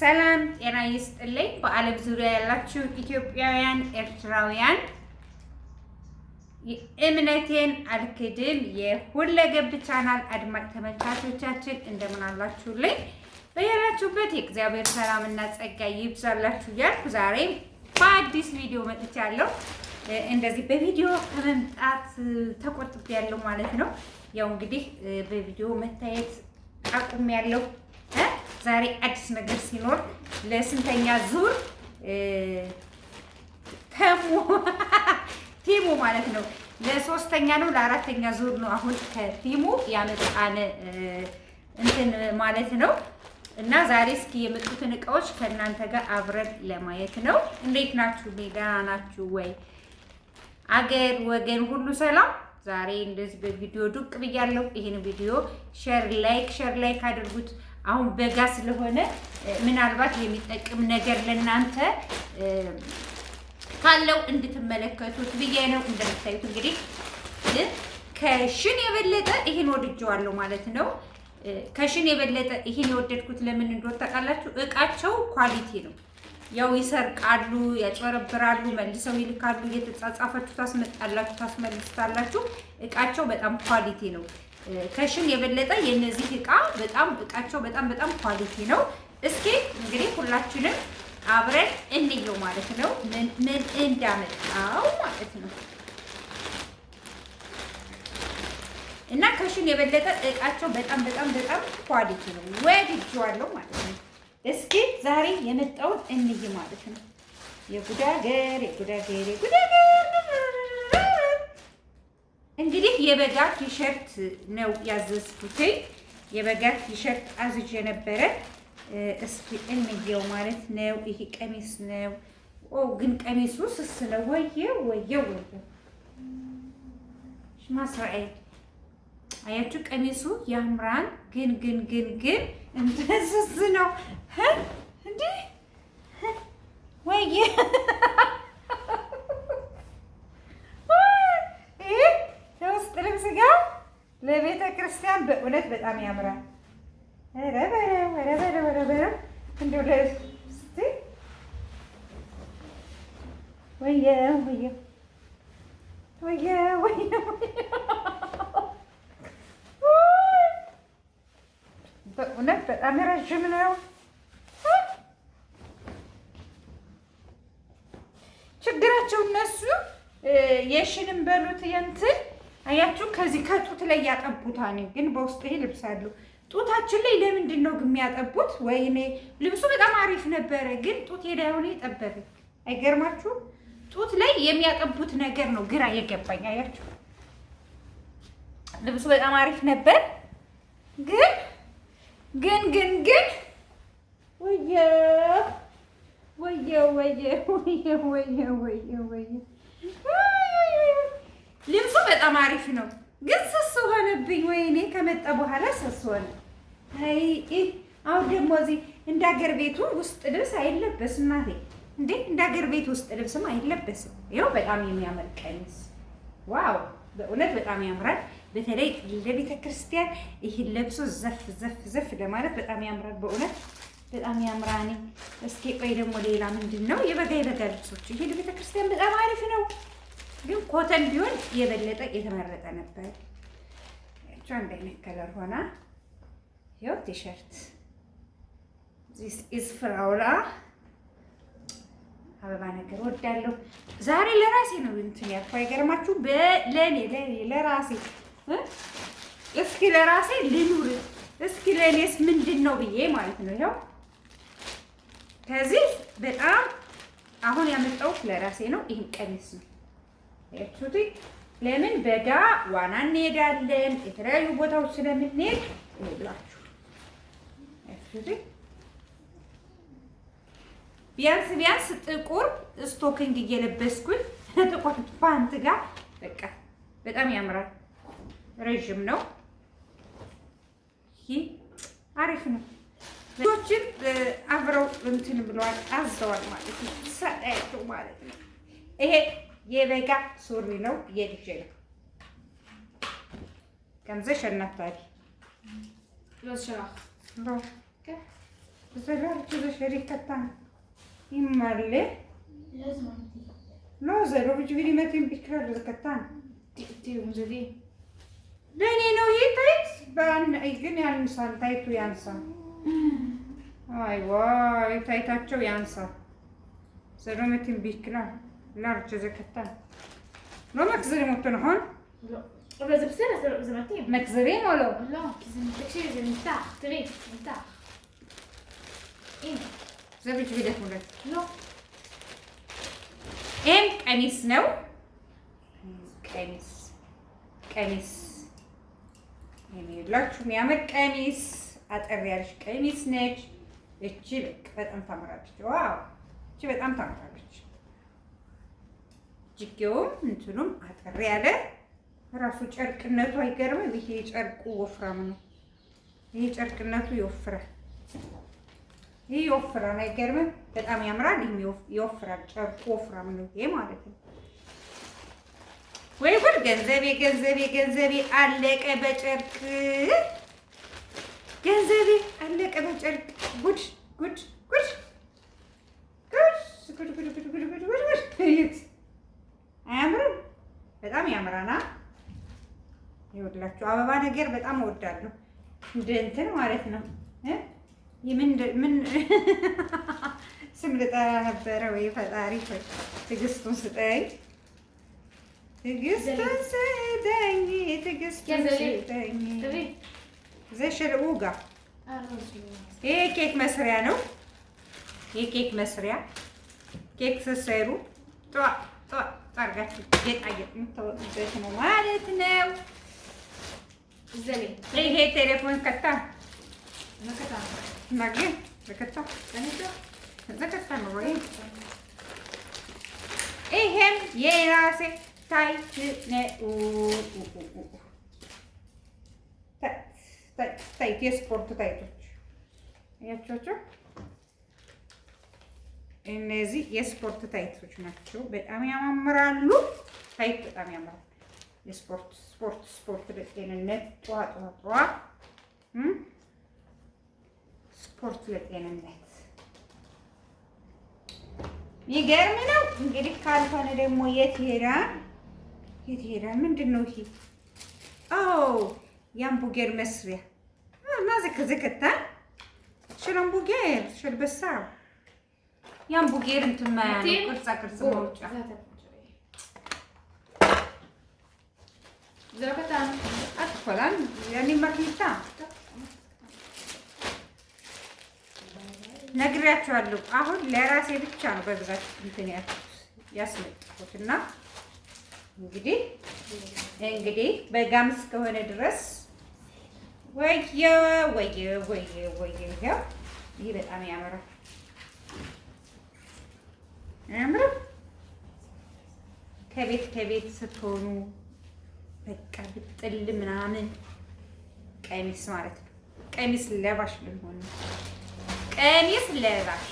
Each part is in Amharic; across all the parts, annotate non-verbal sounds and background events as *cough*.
ሰላም ጤና ይስጥልኝ። በዓለም ዙሪያ ያላችሁ ኢትዮጵያውያን፣ ኤርትራውያን እምነቴን አልክድም የሁለገብ ቻናል አድማጭ ተመልካቾቻችን እንደምን አላችሁልኝ? በያላችሁበት የእግዚአብሔር ሰላም እና ጸጋ ይብዛላችሁ እያልኩ ዛሬም በአዲስ ቪዲዮ መጥቻለሁ። እንደዚህ በቪዲዮ ከመምጣት ያለው ማለት ነው። ያው እንግዲህ በቪዲዮ መታየት አቁም ያለው። ዛሬ አዲስ ነገር ሲኖር ለስንተኛ ዙር ተሙ *laughs* ቲሙ ማለት ነው። ለሶስተኛ ነው ለአራተኛ ዙር ነው። አሁን ከቲሙ ያመጣን እንትን ማለት ነው። እና ዛሬ እስኪ የመጡትን እቃዎች ከእናንተ ጋር አብረን ለማየት ነው። እንዴት ናችሁ? ደህና ናችሁ ወይ? አገር ወገን ሁሉ ሰላም። ዛሬ እንደዚህ በቪዲዮ ዱቅ ብያለሁ። ይህን ቪዲዮ ሼር ላይክ ሼር ላይክ አድርጉት። አሁን በጋ ስለሆነ ምናልባት የሚጠቅም ነገር ለእናንተ ካለው እንድትመለከቱት ብዬ ነው። እንደምታዩት እንግዲህ ከሽን የበለጠ ይህን ወድጀዋለሁ ማለት ነው። ከሽን የበለጠ ይህን የወደድኩት ለምን እንደሆነ ታውቃላችሁ? እቃቸው ኳሊቲ ነው። ያው ይሰርቃሉ፣ ያጨረብራሉ፣ መልሰው ይልካሉ። እየተጻጻፈችሁ ታስመጣላችሁ፣ ታስመልስታላችሁ። እቃቸው በጣም ኳሊቲ ነው። ከሽን የበለጠ የነዚህ እቃ በጣም እቃቸው በጣም በጣም ኳሊቲ ነው። እስኪ እንግዲህ ሁላችንም አብረን እንየው ማለት ነው፣ ምን ምን እንዳመጣው ማለት ነው። እና ከሽን የበለጠ እቃቸው በጣም በጣም በጣም ኳሊቲ ነው፣ ወድጄዋለሁ ማለት ነው። እስኪ ዛሬ የመጣውን እንይ ማለት ነው። የጉዳገር የጉዳገር የጉዳገር እንግዲህ የበጋ ቲሸርት ነው ያዘስኩት የበጋ ቲሸርት አዝዤ ነበረ። እስኪ እንየው ማለት ነው። ይሄ ቀሚስ ነው። ኦ ግን ቀሚሱ ስስ ነው። ወየው ወየው ወየው ማስራኤል አያችሁ፣ ቀሚሱ ያምራን ግን ግን ግን ግን እንትን ስስ ነው። ቤተክርስቲያን በእውነት በጣም ያምራል። ኧረ በለው ኧረ በለው ኧረ በለው እንደው ለእስኪ ወየው ወየው ወየው ወየው በእውነት በጣም ረዥም ነው። ችግራቸው እነሱ የሽንም በሉት የእንትን አያችሁ ከዚህ ከጡት ላይ ያጠቡታ ነው ግን በውስጥ ይሄ ልብስ አለው። ጡታችን ላይ ለምንድን ነው ግን የሚያጠቡት? ወይኔ ልብሱ በጣም አሪፍ ነበረ፣ ግን ጡት ሄዳ የሆነ የጠበበ አይገርማችሁ? ጡት ላይ የሚያጠቡት ነገር ነው ግራ የገባኝ። አያችሁ ልብሱ በጣም አሪፍ ነበር፣ ግን ግን ግን ግን ወየ ወየ ወየ ወየ ወየ ወየ አሪፍ ነው፣ ግን ስስ ሆነብኝ። ወይኔ ከመጣ በኋላ ስስ ሆነ። አሁን ደግሞ እዚህ እንደ አገር ቤቱ ውስጥ ልብስ አይለበስም እናቴ። እንዴ እንደ ሀገር ቤት ውስጥ ልብስም አይለበስም። ይኸው በጣም የሚያምር ቀሚስ ዋው! በእውነት በጣም ያምራል። በተለይ ለቤተ ክርስቲያን ይህን ለብሶ ዘፍ ዘፍ ዘፍ ለማለት በጣም ያምራል። በእውነት በጣም ያምራኔ። እስኪ ቆይ ደግሞ ሌላ ምንድን ነው? የበጋ የበጋ ልብሶች ይሄ ለቤተ ክርስቲያን በጣም አሪፍ ነው። ግን ኮተን ቢሆን የበለጠ የተመረጠ ነበር። እቹ አንድ አይነት ከለር ሆና ይኸው ቲሸርት ዚስ ኢዝ ፍራውላ አበባ ነገር ወዳለሁ። ዛሬ ለራሴ ነው እንትን ያልኩ አይገርማችሁ። ለእኔ ለእኔ ለራሴ እስኪ ለራሴ ልኑር እስኪ ለእኔስ ምንድን ነው ብዬ ማለት ነው። ይኸው ከዚህ በጣም አሁን ያመጣሁት ለራሴ ነው። ይህን ቀሚስ ነው ያችሁት ለምን በጋ ዋና እንሄዳለን፣ የተለያዩ ቦታዎች ስለምንሄድ ይብላችሁ። ያችሁት ቢያንስ ቢያንስ ጥቁር ስቶኪንግ እየለበስኩኝ *laughs* ጥቁር ፓንት ጋር በቃ በጣም ያምራል። ረዥም ነው። ይሄ አሪፍ ነው። ልጆችን አብረው እንትን ብለዋል፣ አዘዋል ማለት ነው። ይሰጣቸው ማለት ነው ይሄ የበጋ ሱሪ ነው የልጄ ነው። ገምዘሽ እናታሪ ለእኔ ነው ይህ ታይት ግን ያንሳል። ታይቱ ያንሳል። አይ ዋይ ታይታቸው ያንሳል። ዘሮመትን ቢክላል large zakata. لو مكزرين وتنحون؟ لا אבל זה בסדר, זה, זה מתאים. מחזירים או לא? לא, כי זה, תקשיבי, זה נמתח, תראי, נמתח. הנה. זה בשבילך אולי. לא. הם כניס נאו? כניס. כניס. يعني لاتشو ميعمل كاميس اتقريالش كاميس ناتش اتشيبك بتقام تمرتش واو تشيبك بتقام تمرتش እጅጌውም እንትኑም አጠር ያለ ራሱ ጨርቅነቱ አይገርምም? ይሄ ጨርቁ ወፍራም ነው። ይሄ ጨርቅነቱ ይወፍራል። ይህ ይወፍራል፣ አይገርምም? በጣም ያምራል። ይሄም ይወፍራል። ጨርቁ ወፍራም ነው ይሄ ማለት ነው። ወይ ጉድ! ገንዘቤ ገንዘቤ ገንዘቤ አለቀ በጨርቅ ገንዘቤ አለቀ በጨርቅ ጉድ ጉድ ጉድ ጉድ ጉድ ጉድ ጉድ ጉድ ጉድ አያምርም? በጣም ያምራና ይወድላችሁ። አበባ ነገር በጣም እወዳለሁ። እንደ እንትን ማለት ነው። ምን *laughs* ስም ልጠራ ነበረ ወይ ፈጣሪ ትዕግስቱን ስጠኝ፣ ትዕግስቱን ስጠኝ፣ ትዕግስቱን ስጠኝ። ዘሽልኡ ይሄ ኬክ መስሪያ ነው። የኬክ መስሪያ ኬክ ስትሰሩ አድርጋችሁ ጌጣጌጥ የምታወጡበት ነው ማለት ነው። ይሄ ቴሌፎን ከታ ይሄም የራሴ ታይት ታይት የስፖርቱ ታይቶች ያቸው እነዚህ የስፖርት ታይቶች ናቸው። በጣም ያማምራሉ። ታይት በጣም ያምራል። የስፖርት ስፖርት ስፖርት ለጤንነት ጠዋ ጠዋ ጠዋ ስፖርት ለጤንነት ይገርም ነው እንግዲህ። ካልሆነ ደግሞ የት ሄዳን የት ሄዳን? ምንድን ነው ይሄ? አዎ የአምቡጌር መስሪያ ናዚ ከዘከታ ሽል ያን ቡጌር እንትን ማያነ ቅርጻ ቅርጽ መውጫ አትኮላም። አሁን ለራሴ ብቻ ነው በብዛት እንትን ያስመጣሁት እና እንግዲህ እንግዲህ በጋም እስከሆነ ድረስ ወየ ወየ ወየ ወየ ይሄ በጣም ያምራል። አያምርም? ከቤት ከቤት ስትሆኑ በቃ ብጥል ምናምን ቀሚስ ማለት ነው። ቀሚስ ለባሽ ልንሆን ቀሚስ ለባሽ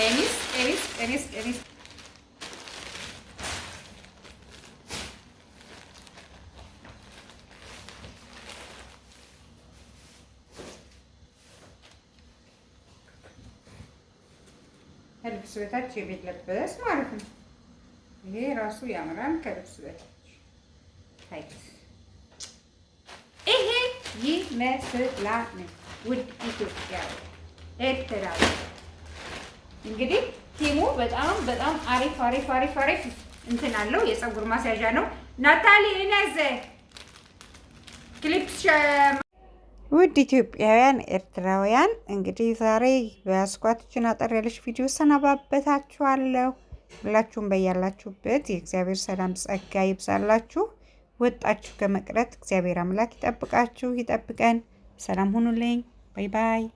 ቀሚስ ቀሚስ ቀሚስ ቀሚስ ከልብስ በታች የቤት ማለት ነው። ይሄ ራሱ ያምራል። ከልብስ በታች ታይት ይሄ ይመስላል። ውድ ኢትዮጵያ ኤርትራ እንግዲህ ቲሙ በጣም በጣም አሪፍ አሪፍ አሪፍ አሪፍ እንትን አለው። የፀጉር ማስያዣ ነው። ናታሊ እነዚህ ክሊፕ ውድ ኢትዮጵያውያን ኤርትራውያን እንግዲህ ዛሬ በስኳትችን አጠር ያለች ቪዲዮ ሰናባበታችኋለሁ። ሁላችሁም በያላችሁበት የእግዚአብሔር ሰላም ጸጋ ይብዛላችሁ። ወጣችሁ ከመቅረት እግዚአብሔር አምላክ ይጠብቃችሁ፣ ይጠብቀን። ሰላም ሁኑልኝ። ባይ ባይ